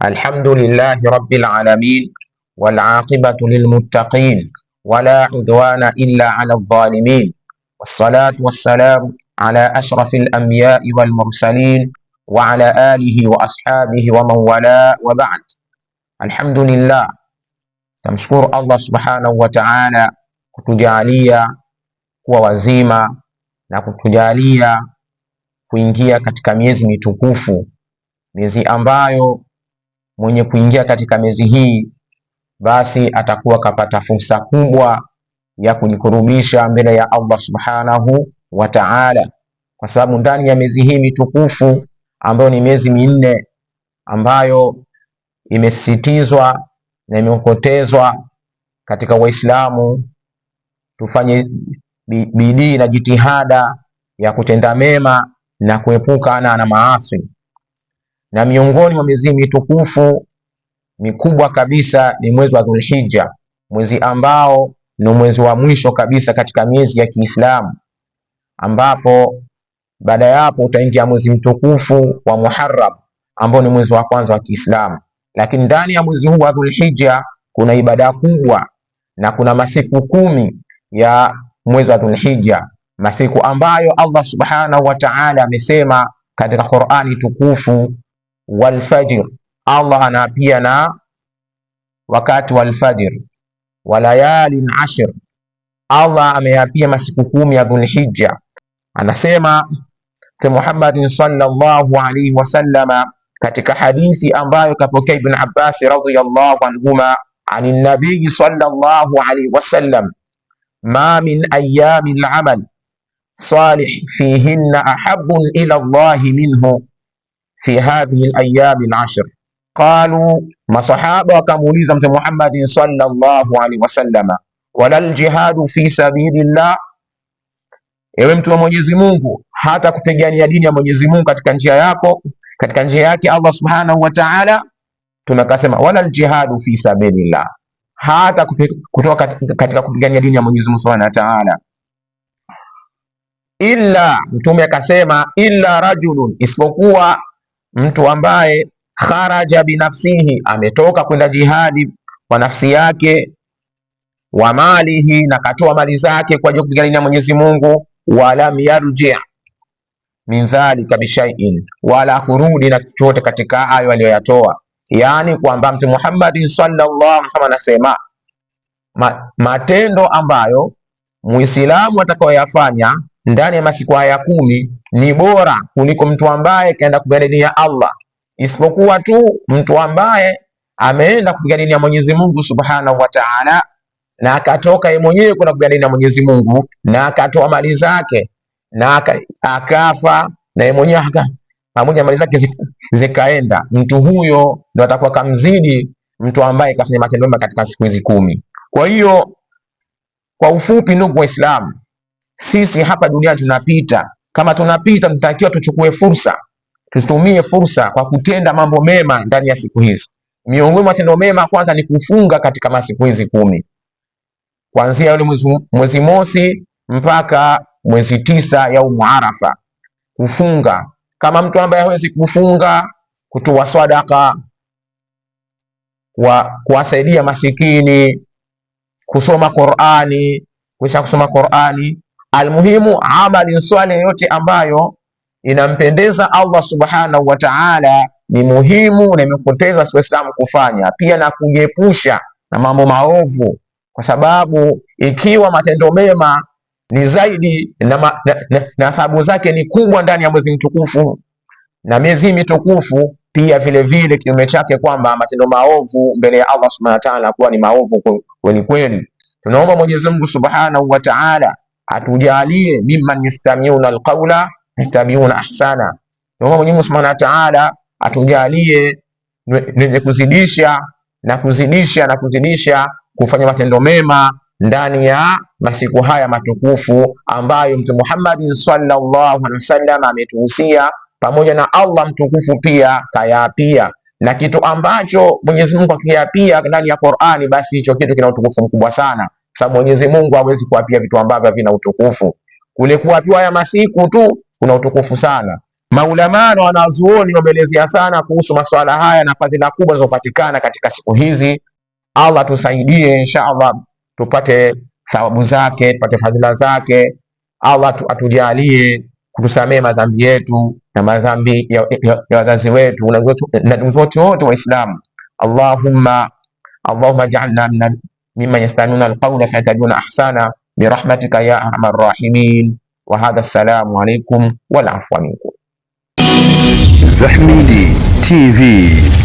الحمد لله رب العالمين والعاقبة للمتقين ولا عدوان إلا على الظالمين والصلاة والسلام على أشرف الأنبياء والمرسلين وعلى آله وأصحابه ومن ولا وبعد الحمد لله Namshukuru الله سبحانه وتعالى كتجالية ووزيمة نكتجالية wazima na kutujalia kuingia katika miezi mitukufu, miezi ambayo mwenye kuingia katika miezi hii, basi atakuwa kapata fursa kubwa ya kujikurubisha mbele ya Allah subhanahu wa ta'ala, kwa sababu ndani ya miezi hii mitukufu ambayo ni miezi minne ambayo imesisitizwa na imeokotezwa katika Waislamu, tufanye bidii na jitihada ya kutenda mema na kuepukana na maasi na miongoni mwa miezi mitukufu mikubwa kabisa ni mwezi wa Dhulhijja, mwezi ambao ni mwezi wa mwisho kabisa katika miezi ya Kiislamu, ambapo baada ya hapo utaingia mwezi mtukufu wa Muharram ambao ni mwezi wa kwanza wa Kiislamu. Lakini ndani ya mwezi huu wa Dhulhijja kuna ibada kubwa na kuna masiku kumi ya mwezi wa Dhulhijja, masiku ambayo Allah subhanahu wa ta'ala amesema katika Qur'ani tukufu walfajr, Allah anaapia na wakati wa alfajr. Walayalin ashr, Allah ameapia masiku kumi ya Dhulhijja. Anasema Mtume Muhammad sallallahu alaihi wasallama katika hadithi ambayo kapokea Ibn Abbas radhiyallahu anhuma an nabii sallallahu alaihi wasallam, ma min ayami lamal salih fihinna ahabun ila llahi minhu fi hadhihi al-ayami al-ashr qalu, masahaba wakamuuliza Mtume Muhammad sallallahu alaihi wasallam, wala al ljihadu fi sabilillah, ewe mtu wa Mwenyezi Mungu, hata kupigania dini ya Mwenyezi Mungu katika njia yako katika njia yake Allah subhanahu wa ta'ala, tunakasema wala al ljihadu fi sabilillah, hata kutoka katika kupigania dini ya Mwenyezi Mungu subhanahu wa ta'ala illa, mtume akasema illa rajulun, isipokuwa mtu ambaye kharaja binafsihi, ametoka kwenda jihadi kwa nafsi yake, wa malihi, na katoa mali zake kwa ajili ya kupigania Mwenyezi Mungu, walam yarji min dhalika bishaiin, wala kurudi na kitu chochote katika hayo aliyoyatoa. Yaani kwamba mtu Muhammad sallallahu alaihi wasallam anasema matendo ambayo muislamu atakayoyafanya ndani ya masiku haya kumi ni bora kuliko mtu ambaye kaenda kupigania dini ya Allah, isipokuwa tu mtu ambaye ameenda kupigania dini ya Mwenyezi Mungu Subhanahu wa Ta'ala, na akatoka yeye mwenyewe kwenda kupigania dini ya Mwenyezi Mungu, na akatoa mali zake na akafa, na yeye mwenyewe pamoja mali zake zikaenda. Mtu huyo ndo atakuwa kamzidi mtu ambaye kafanya matendo mema katika siku hizi kumi. Kwa hiyo kwa ufupi, ndugu Waislamu, sisi hapa duniani tunapita, kama tunapita, tunatakiwa tuchukue fursa, tusitumie fursa kwa kutenda mambo mema ndani ya siku hizi. Miongoni mwa tendo mema kwanza ni kufunga katika masiku hizi kumi, kuanzia yule mwezi mwezi mosi mpaka mwezi tisa ya Arafa, kufunga. Kama mtu ambaye hawezi kufunga, kutoa sadaka, kuwasaidia masikini, kusoma Qur'ani, Kisha kusoma Qur'ani Almuhimu, amali swali yote ambayo inampendeza Allah subhanahu wa ta'ala ni muhimu na imepoteza Waislamu kufanya, pia na kujiepusha na mambo maovu, kwa sababu ikiwa matendo mema ni zaidi na thawabu zake ni kubwa ndani ya mwezi mtukufu na miezi mitukufu pia vile vile, kinyume chake kwamba matendo maovu mbele ya Allah subhanahu wa ta'ala kuwa ni maovu kweli kweli. Tunaomba Mwenyezi Mungu subhanahu wa ta'ala atujalie mimman yastamiuna alqawla yastamiuna ahsana. Naomba Mwenyezi Mungu Subhanahu wa Ta'ala atujalie wenye kuzidisha na kuzidisha na kuzidisha kufanya matendo mema ndani ya masiku haya matukufu ambayo Mtume Muhammad sallallahu alaihi wasallam ametuhusia, pamoja na Allah mtukufu pia kayapia na kitu ambacho Mwenyezi Mungu akiyapia ndani ya Qur'ani, basi hicho kitu kina utukufu mkubwa sana sababu Mwenyezi Mungu hawezi kuapia vitu ambavyo havina utukufu. Kule kuapiwa ya masiku tu kuna utukufu sana. Maulama na wanazuoni wameelezea sana kuhusu masuala haya na fadhila kubwa zinazopatikana katika siku hizi. Allah tusaidie, insha Allah tupate thawabu zake, tupate fadhila zake. Allah tu, atujalie kutusamee madhambi yetu na madhambi ya, ya, ya wazazi wetu na ndugu zote wote Waislamu. Allahumma allahumma ja'alna ممن يستمعون القول فيتبعون أحسانا برحمتك يا أرحم الراحمين وهذا السلام عليكم والعفو منكم زحميدي تي في